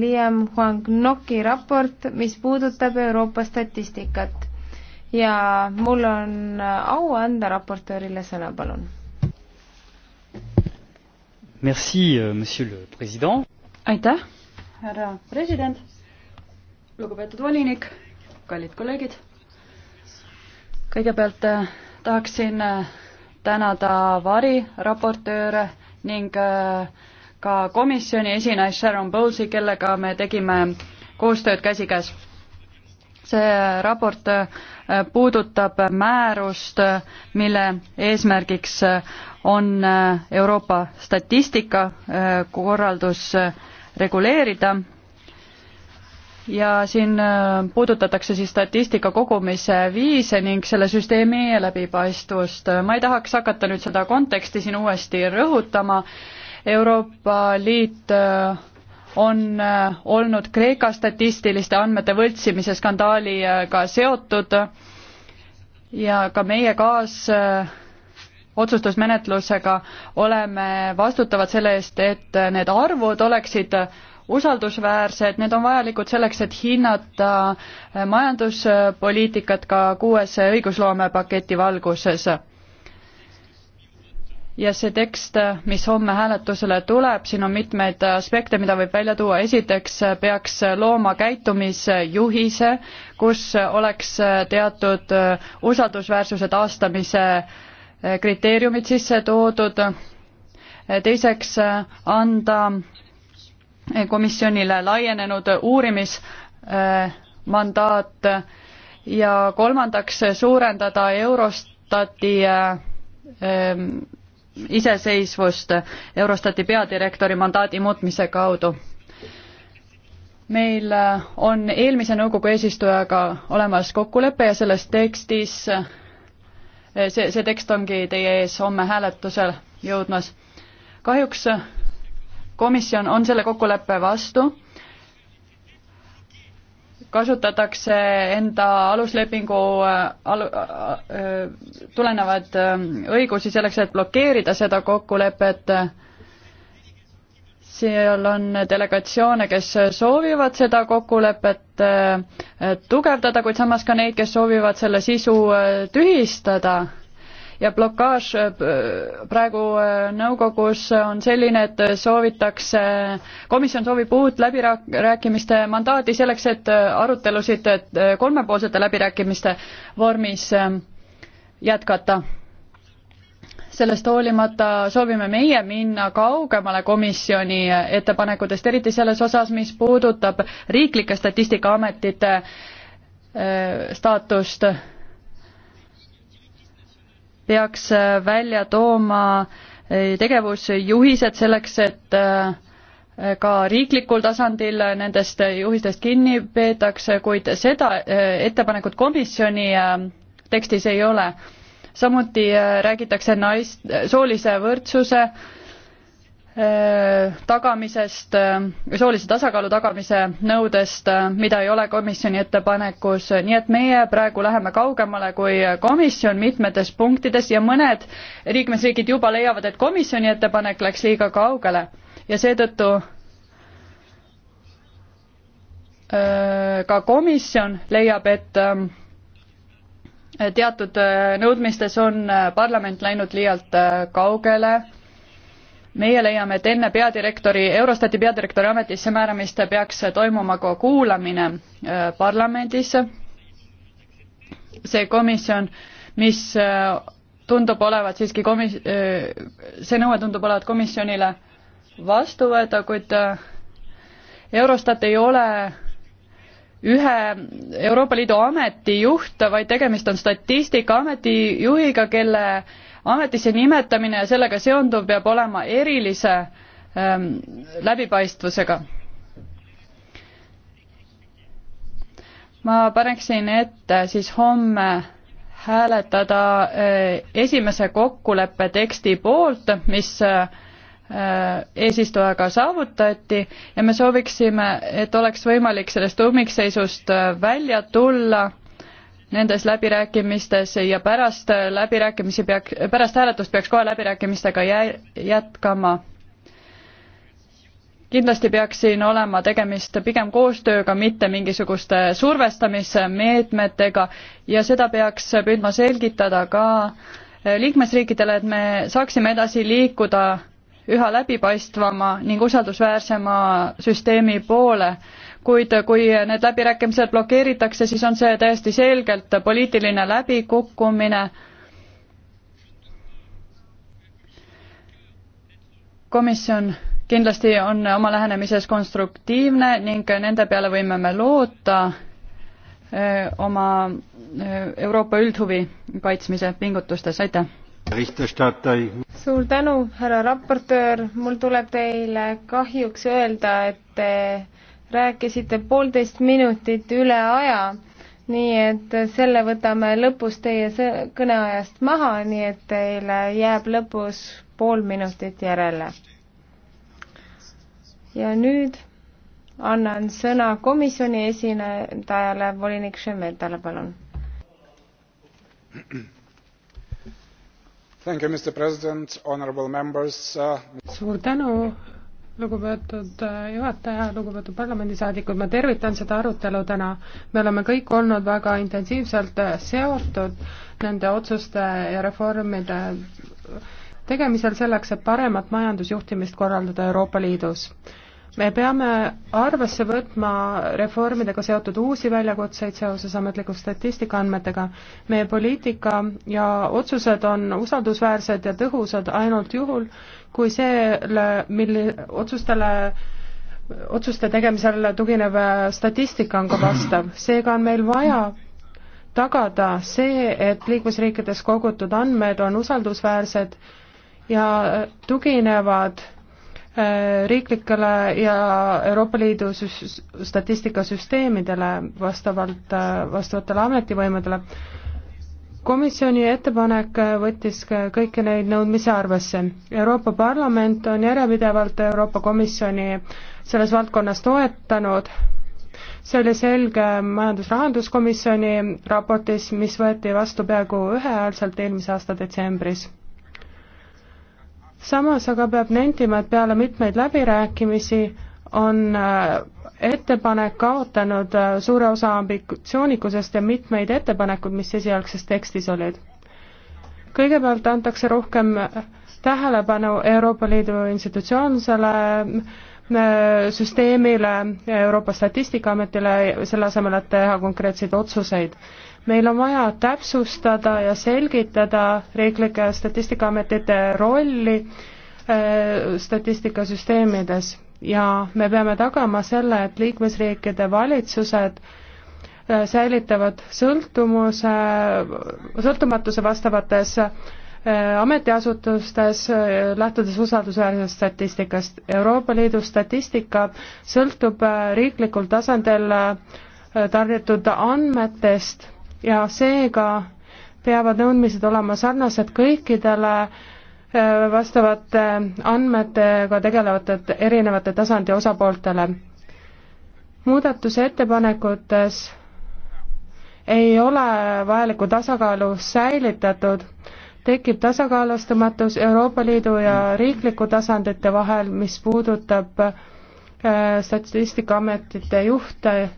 Liam Huang-Noki raport, mis puudutab Euroopa statistikat. ja mul on au anda raportöörile sõna, palun. Merci, euh, monsieur le president. aitäh, härra president, lugupeetud volinik, kallid kolleegid. kõigepealt äh, tahaksin äh, tänada variraportööre ning äh, ka komisjoni esinaine Sharon Bowles'i, kellega me tegime koostööd käsikäes. see raport äh, puudutab määrust, mille eesmärgiks on äh, Euroopa statistikakorraldus äh, reguleerida ja siin puudutatakse siis statistika kogumise viise ning selle süsteemi läbipaistvust. ma ei tahaks hakata nüüd seda konteksti siin uuesti rõhutama Euroopa Liit äh, on äh, olnud Kreeka statistiliste andmete võltsimise skandaaliga äh, seotud ja ka meie kaas otsustusmenetlusega oleme vastutavad selle eest, et need arvud oleksid usaldusväärsed, need on vajalikud selleks, et hinnata majanduspoliitikat ka kuues õigusloomepaketi valguses ja see tekst, mis homme hääletusele tuleb, siin on mitmeid aspekte, mida võib välja tuua, esiteks peaks looma käitumisjuhise, kus oleks teatud usaldusväärsuse taastamise kriteeriumid sisse toodud, teiseks anda komisjonile laienenud uurimismandaat ja kolmandaks suurendada Eurostati ehm, iseseisvust Eurostati peadirektori mandaadi muutmise kaudu. meil äh, on eelmise nõukogu eesistujaga olemas kokkulepe ja selles tekstis, äh, see, see tekst ongi teie ees homme hääletusel jõudmas. kahjuks komisjon on selle kokkuleppe vastu kasutatakse enda aluslepingu äh, alu, äh, äh, tulenevaid ähm, õigusi selleks, et blokeerida seda kokkulepet. seal on delegatsioone, kes soovivad seda kokkulepet tugevdada, kuid samas ka neid, kes soovivad selle sisu tühistada ja blokaaž äh, praegu äh, nõukogus on selline, et soovitakse, komisjon soovib uut läbirääkimiste mandaati selleks, et äh, arutelusid kolmepoolsete läbirääkimiste vormis ähm, jätkata sellest hoolimata soovime meie minna kaugemale komisjoni ettepanekutest, eriti selles osas, mis puudutab riiklike statistikaametite staatust peaks äh, välja tooma äh, tegevusjuhised selleks, et äh, ka riiklikul tasandil nendest juhistest kinni peetakse, kuid seda ettepanekut komisjoni tekstis ei ole. samuti räägitakse nais-, soolise võrdsuse tagamisest, soolise tasakaalu tagamise nõudest, mida ei ole komisjoni ettepanekus, nii et meie praegu läheme kaugemale kui komisjon mitmetes punktides ja mõned liikmesriigid juba leiavad, et komisjoni ettepanek läks liiga kaugele ja seetõttu ka komisjon leiab, et teatud nõudmistes on parlament läinud liialt kaugele meie leiame, et enne peadirektori, Eurostati peadirektori ametisse määramist peaks toimuma ka kuulamine äh, parlamendis. see komisjon, mis äh, tundub olevat siiski komis-, äh, see nõue tundub olevat komisjonile vastu võeta, kuid Eurostat ei ole ühe Euroopa Liidu ameti juht, vaid tegemist on statistikaameti juhiga, kelle ametisse nimetamine ja sellega seonduv peab olema erilise ähm, läbipaistvusega. ma paneksin ette siis homme hääletada äh, esimese kokkuleppe teksti poolt, mis äh, eesistujaga saavutati ja me sooviksime, et oleks võimalik sellest ummikseisust äh, välja tulla nendes läbirääkimistes ja pärast läbirääkimisi peaks, pärast hääletust peaks kohe läbirääkimistega jä-, jätkama. kindlasti peaks siin olema tegemist pigem koostööga, mitte mingisuguste survestamismeetmetega ja seda peaks püüdma selgitada ka liikmesriikidele, et me saaksime edasi liikuda üha läbipaistvama ning usaldusväärsema süsteemi poole kuid kui need läbirääkimised blokeeritakse, siis on see täiesti selgelt poliitiline läbikukkumine. komisjon kindlasti on oma lähenemises konstruktiivne ning nende peale võime me loota eh, oma eh, Euroopa üldhuvi kaitsmise pingutustes, aitäh! suur tänu, härra raportöör, mul tuleb teile kahjuks öelda, et te rääkisite poolteist minutit üle aja, nii et selle võtame lõpus teie kõneajast maha, nii et teile jääb lõpus pool minutit järele. ja nüüd annan sõna komisjoni esindajale, volinik Šemetale, palun. You, uh, suur tänu lugupeetud äh, juhataja, lugupeetud parlamendisaadikud, ma tervitan seda arutelu täna. me oleme kõik olnud väga intensiivselt äh, seotud nende otsuste ja reformide tegemisel selleks, et paremat majandusjuhtimist korraldada Euroopa Liidus me peame arvesse võtma reformidega seotud uusi väljakutseid seoses ametliku statistika andmetega. meie poliitika ja otsused on usaldusväärsed ja tõhusad ainult juhul, kui selle, mille otsustele otsuste tegemisel tuginev statistika on ka vastav, seega on meil vaja tagada see, et liikmesriikides kogutud andmed on usaldusväärsed ja tuginevad Äh, riiklikele ja Euroopa Liidu statistikasüsteemidele vastavalt, äh, vastavatele ametivõimudele. komisjoni ettepanek äh, võttis kõiki neid nõudmisi arvesse. Euroopa Parlament on järjepidevalt Euroopa Komisjoni selles valdkonnas toetanud, see oli selge Majandus-Rahanduskomisjoni raportis, mis võeti vastu peaaegu ühehäälselt eelmise aasta detsembris samas aga peab nentima, et peale mitmeid läbirääkimisi on äh, ettepanek kaotanud äh, suure osa ambitsioonikusest ja mitmeid ettepanekuid, mis esialgses tekstis olid. kõigepealt antakse rohkem äh, tähelepanu Euroopa Liidu institutsioonsele Äh, süsteemile, Euroopa Statistikaametile, selle asemel, et teha konkreetseid otsuseid. meil on vaja täpsustada ja selgitada riiklike statistikaametite rolli äh, statistikasüsteemides ja me peame tagama selle, et liikmesriikide valitsused äh, säilitavad sõltumuse, sõltumatuse vastavates Äh, ametiasutustes, äh, lähtudes usaldusväärsest statistikast. Euroopa Liidu statistika sõltub äh, riiklikul tasandil tarnitud andmetest ja seega peavad nõudmised olema sarnased kõikidele vastavate andmetega tegelevate erinevate tasandi osapooltele. muudatuse ettepanekutes ei ole vajalikku tasakaalu säilitatud tekib tasakaalustamatus Euroopa Liidu ja mm. riikliku tasandite vahel, mis puudutab äh, statistikaametite juhte.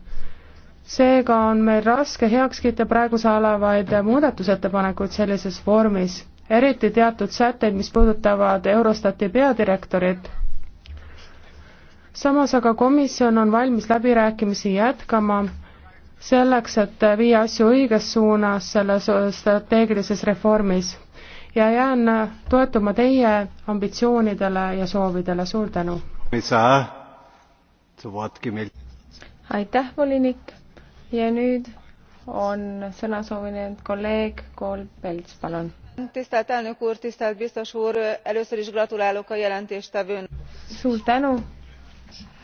seega on meil raske heaks kiita praeguse alavaid muudatusettepanekuid sellises vormis, eriti teatud sätteid, mis puudutavad Eurostati peadirektorit. samas aga komisjon on valmis läbirääkimisi jätkama selleks, et viia asju õiges suunas selles strateegilises reformis ja jään äh, toetuma teie ambitsioonidele ja soovidele, suur tänu! aitäh, volinik! ja nüüd on sõna soovinud kolleeg Kolbelts, palun! tisztelt elnök úr, tisztelt biztos úr, először is gratulálok a jelentéstevőn. Suur tänu,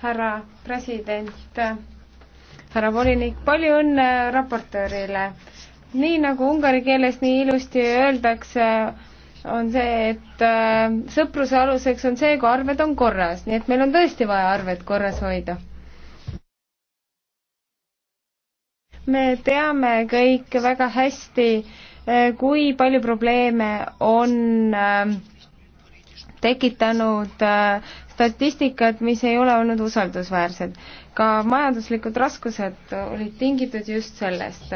härra president, härra volinik, palju õnne raportöörile nii nagu ungari keeles nii ilusti öeldakse, on see, et äh, sõpruse aluseks on see, kui arved on korras, nii et meil on tõesti vaja arved korras hoida. me teame kõik väga hästi, äh, kui palju probleeme on äh, tekitanud äh, statistikat, mis ei ole olnud usaldusväärsed. ka majanduslikud raskused olid tingitud just sellest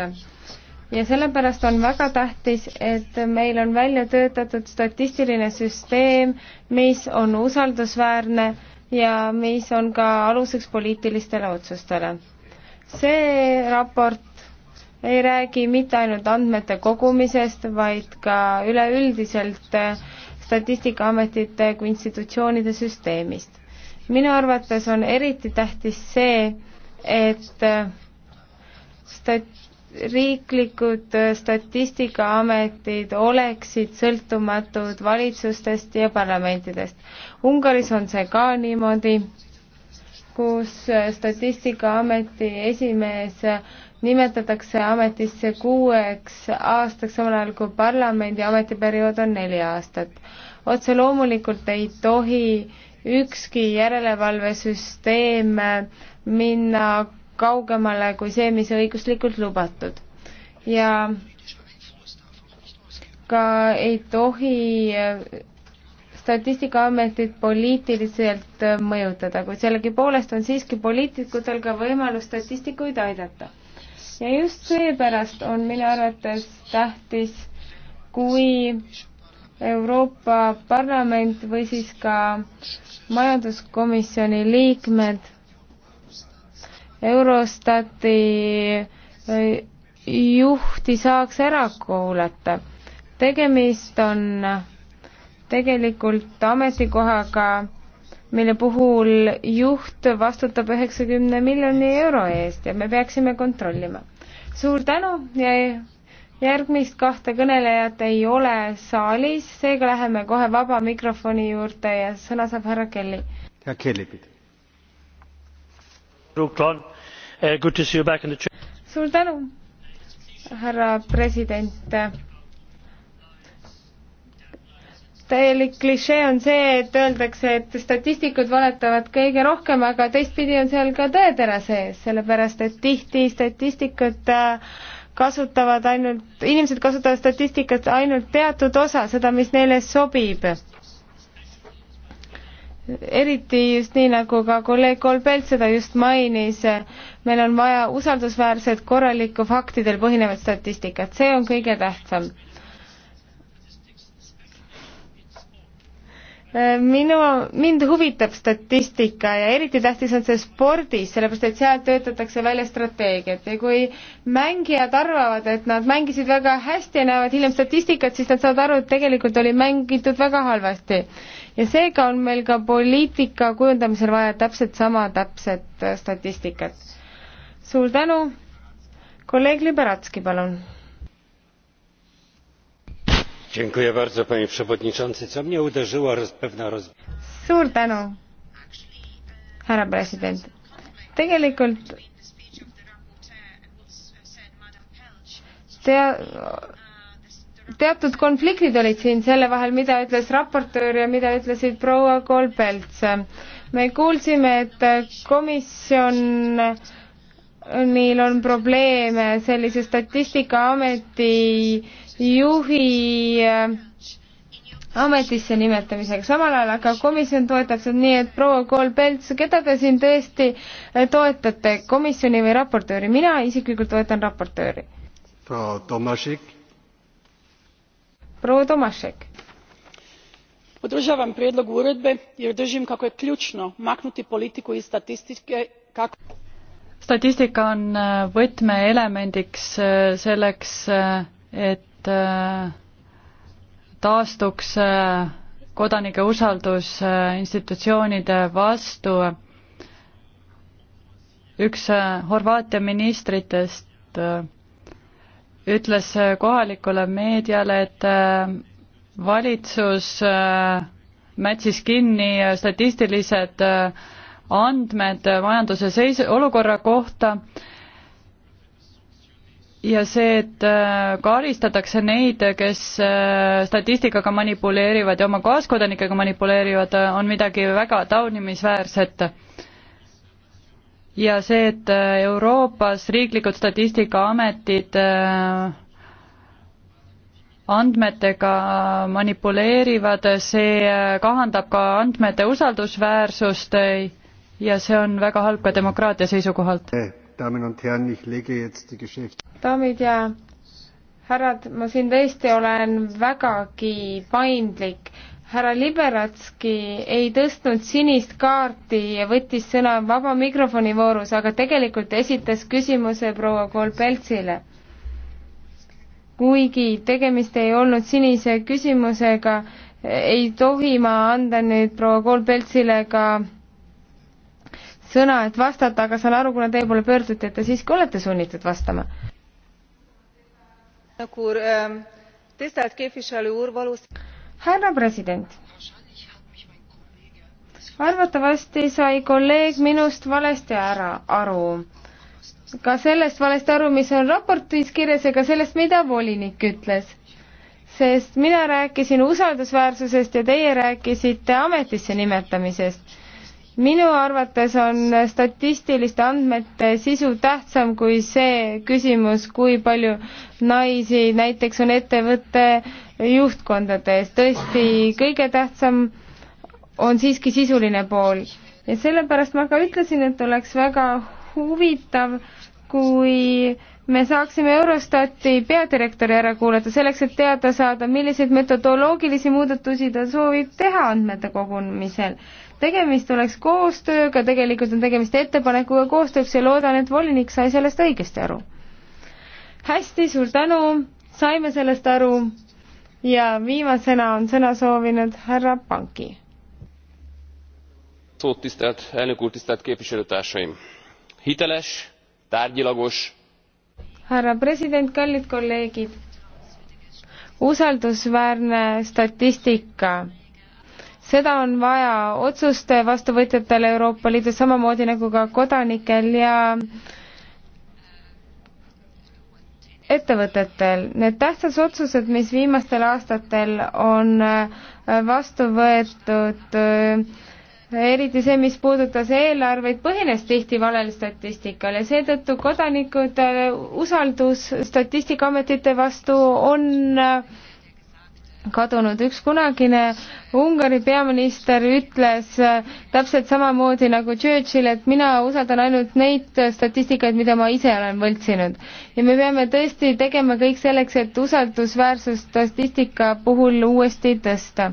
ja sellepärast on väga tähtis, et meil on välja töötatud statistiline süsteem, mis on usaldusväärne ja mis on ka aluseks poliitilistele otsustele. see raport ei räägi mitte ainult andmete kogumisest, vaid ka üleüldiselt Statistikaametite kui institutsioonide süsteemist. minu arvates on eriti tähtis see, et stat-, riiklikud äh, statistikaametid oleksid sõltumatud valitsustest ja parlamentidest. Ungaris on see ka niimoodi, kus äh, statistikaameti esimees äh, nimetatakse ametisse kuueks aastaks, samal ajal kui parlamendi ametiperiood on neli aastat. otse loomulikult ei tohi ükski järelevalvesüsteem minna kaugemale kui see, mis õiguslikult lubatud. ja ka ei tohi äh, statistikaametit poliitiliselt äh, mõjutada, kuid sellegipoolest on siiski poliitikutel ka võimalus statistikuid aidata. ja just seepärast on minu arvates tähtis, kui Euroopa Parlament või siis ka majanduskomisjoni liikmed Eurostati äh, juhti saaks ära kuulata. tegemist on tegelikult ametikohaga, mille puhul juht vastutab üheksakümne miljoni euro eest ja me peaksime kontrollima. suur tänu ja järgmist kahte kõnelejat ei ole saalis, seega läheme kohe vaba mikrofoni juurde ja sõna saab härra Kelly. härra Kelly, palun. Uh, suur tänu, härra president. täielik klišee on see, et öeldakse, et statistikud valetavad kõige rohkem, aga teistpidi on seal ka tõetera sees, sellepärast et tihti statistikud äh, kasutavad ainult, inimesed kasutavad statistikat ainult teatud osa, seda, mis neile sobib eriti just nii, nagu ka kolleeg Kolbelt seda just mainis, meil on vaja usaldusväärset, korralikku, faktidel põhinevat statistikat, see on kõige tähtsam minu, mind huvitab statistika ja eriti tähtis on see spordis, sellepärast et seal töötatakse välja strateegiat ja kui mängijad arvavad, et nad mängisid väga hästi ja näevad hiljem statistikat, siis nad saavad aru, et tegelikult oli mängitud väga halvasti. ja seega on meil ka poliitika kujundamisel vaja täpselt sama täpset äh, statistikat. suur tänu, kolleeg Liberatski, palun suur tänu, härra president. tegelikult tea-, teatud konfliktid olid siin selle vahel, mida ütles raportöör ja mida ütlesid proua Kolbelts. me kuulsime, et komisjonil on probleeme sellise Statistikaameti juhi äh, ametisse nimetamisega, samal ajal aga komisjon toetab seda nii, et proua Kool-Pelts, keda te siin tõesti äh, toetate, komisjoni või raportööri, mina isiklikult toetan raportööri. proua Tomašik. proua Tomašik. podržavam prijedlog uredbe jer držim kako je ključno maknuti politiku iz statistike kako statistika on äh, võtmeelemendiks selleks, et et äh, taastuks äh, kodanike usaldus äh, institutsioonide vastu. üks Horvaatia ministritest ütles kohalikule meediale, et valitsus mätsis kinni statistilised andmed majanduse seis-, olukorra kohta ja see, et äh, karistatakse neid, kes äh, statistikaga manipuleerivad ja oma kaaskodanikega manipuleerivad, äh, on midagi väga taunimisväärset. ja see, et Euroopas riiklikud statistikaametid andmetega manipuleerivad, see kahandab ka andmete usaldusväärsust ja see on väga halb ka demokraatia seisukohalt eh daamid ja härrad, ma siin tõesti olen vägagi paindlik. härra Liberatski ei tõstnud sinist kaarti ja võttis sõna vaba mikrofoni voorus, aga tegelikult esitas küsimuse proua Kolbeltsile. kuigi tegemist ei olnud sinise küsimusega, ei tohi ma anda nüüd proua Kolbeltsile ka sõna, et vastata, aga saan aru, kuna teie poole pöörduti, et te siiski olete sunnitud vastama. härra president, arvatavasti sai kolleeg minust valesti ära aru. ka sellest valesti aru, mis on raportis kirjas ja ka sellest, mida volinik ütles. sest mina rääkisin usaldusväärsusest ja teie rääkisite ametisse nimetamisest minu arvates on statistiliste andmete sisu tähtsam kui see küsimus, kui palju naisi näiteks on ettevõtte juhtkondades. tõesti, kõige tähtsam on siiski sisuline pool ja sellepärast ma ka ütlesin, et oleks väga huvitav, kui äh, me saaksime Eurostati peadirektori ära kuulata selleks, et teada saada, milliseid metodoloogilisi muudatusi ta soovib teha andmete kogumisel. tegemist oleks koostööga, tegelikult on tegemist ettepanekuga koostööks ja loodan, et volinik sai sellest õigesti aru. hästi, suur tänu, saime sellest aru ja viimasena on sõna soovinud härra Panki. tisztelt elnök úr, tisztelt képviselőtársaim! Hiteles, tárgyilagos, härra president, kallid kolleegid. usaldusväärne statistika, seda on vaja otsuste vastuvõtjatel Euroopa Liidus, samamoodi nagu ka kodanikel ja ettevõtetel. Need tähtsad otsused, mis viimastel aastatel on vastu võetud äh, eriti see, mis puudutas eelarveid, põhines tihti valel statistikal ja seetõttu kodanikud, äh, usaldus Statistikaametite vastu on äh, kadunud. üks kunagine Ungari peaminister ütles äh, täpselt samamoodi nagu Churchill, et mina usaldan ainult neid statistikaid, mida ma ise olen võltsinud. ja me peame tõesti tegema kõik selleks, et usaldusväärsust statistika puhul uuesti tõsta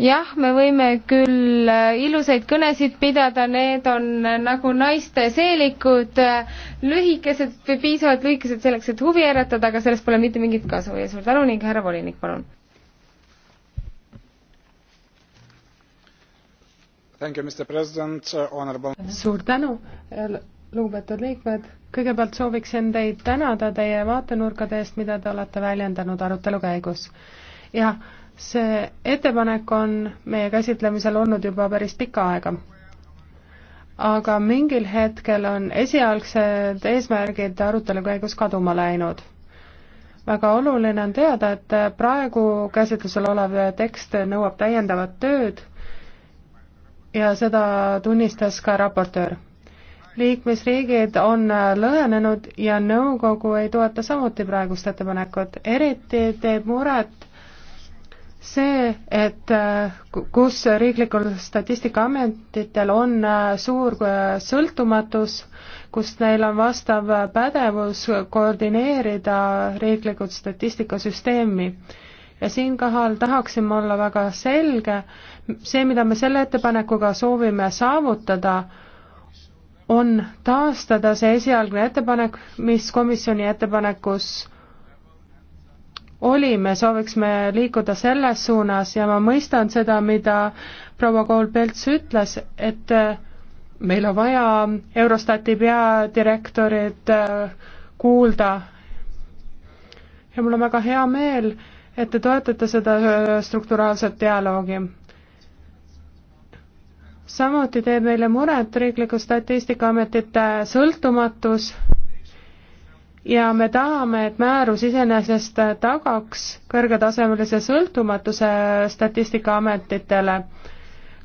jah, me võime küll äh, ilusaid kõnesid pidada, need on äh, nagu naiste seelikud, äh, lühikesed või piisavalt lühikesed selleks, et huvi äratada, aga sellest pole mitte mingit kasu ja suur tänu ning härra volinik, palun. Uh, honorable... suur tänu, lugupeetud liikmed, kõigepealt sooviksin teid tänada teie vaatenurkade eest, mida te olete väljendanud arutelu käigus. jah see ettepanek on meie käsitlemisel olnud juba päris pikka aega. aga mingil hetkel on esialgsed eesmärgid arutelu käigus kaduma läinud. väga oluline on teada, et praegu käsitlusel olev tekst nõuab täiendavat tööd ja seda tunnistas ka raportöör liikmesriigid on lõhenenud ja nõukogu ei toeta samuti praegust ettepanekut. eriti teeb muret see, et äh, kus riiklikul statistikaametitel on äh, suur äh, sõltumatus, kus neil on vastav pädevus koordineerida riiklikud statistikasüsteemi. ja siinkohal tahaksin ma olla väga selge, see, mida me selle ettepanekuga soovime saavutada, on taastada see esialgne ettepanek, mis komisjoni ettepanekus oli, me sooviksime liikuda selles suunas ja ma mõistan seda, mida proua Kool-Pelts ütles, et äh, meil on vaja Eurostati peadirektorit äh, kuulda. ja mul on väga hea meel, et te toetate seda äh, strukturaalset dialoogi. samuti teeb meile muret Riikliku Statistikaametite sõltumatus ja me tahame, et määrus iseenesest tagaks kõrgetasemelise sõltumatuse Statistikaametitele.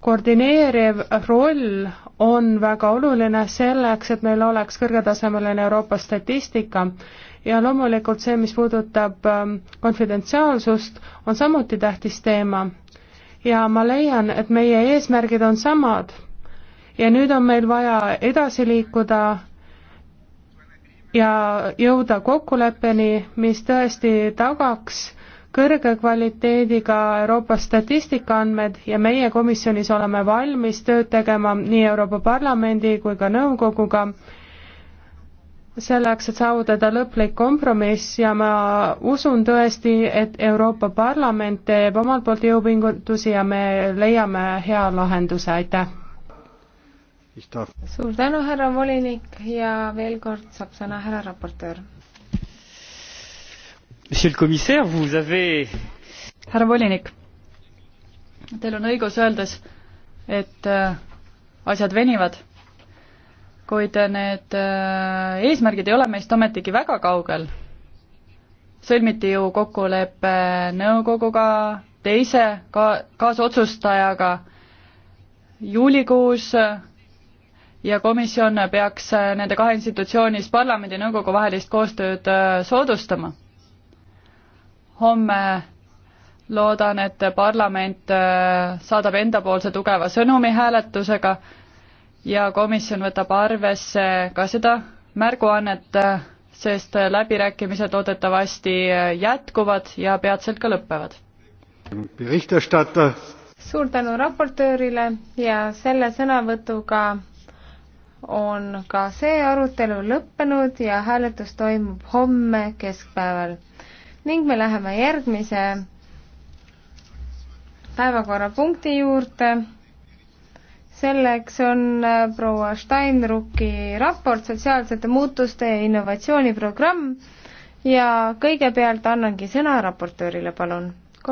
koordineeriv roll on väga oluline selleks, et meil oleks kõrgetasemeline Euroopa statistika ja loomulikult see, mis puudutab ähm, konfidentsiaalsust, on samuti tähtis teema. ja ma leian, et meie eesmärgid on samad ja nüüd on meil vaja edasi liikuda ja jõuda kokkuleppeni, mis tõesti tagaks kõrge kvaliteediga Euroopa statistikaandmed ja meie komisjonis oleme valmis tööd tegema nii Euroopa Parlamendi kui ka nõukoguga selleks, et saavutada lõplik kompromiss ja ma usun tõesti, et Euroopa Parlament teeb omalt poolt jõupingutusi ja me leiame hea lahenduse, aitäh! suur tänu, härra volinik ja veel kord saab sõna härra raportöör. härra volinik, teil on õigus öeldes, et äh, asjad venivad, kuid äh, need äh, eesmärgid ei ole meist ometigi väga kaugel. sõlmiti ju kokkulepe nõukoguga, teise ka-, kaasotsustajaga juulikuus ja komisjon peaks nende kahe institutsiooni, parlamendi ja nõukogu vahelist koostööd äh, soodustama. homme loodan, et parlament äh, saadab endapoolse tugeva sõnumi hääletusega ja komisjon võtab arvesse ka seda märguannet, äh, sest läbirääkimised loodetavasti jätkuvad ja peatselt ka lõpevad. suur tänu raportöörile ja selle sõnavõtuga on ka see arutelu lõppenud ja hääletus toimub homme keskpäeval. ning me läheme järgmise päevakorrapunkti juurde. selleks on äh, proua Steinrucki raport Sotsiaalsete muutuste ja innovatsiooniprogramm ja kõigepealt annangi sõna raportöörile, palun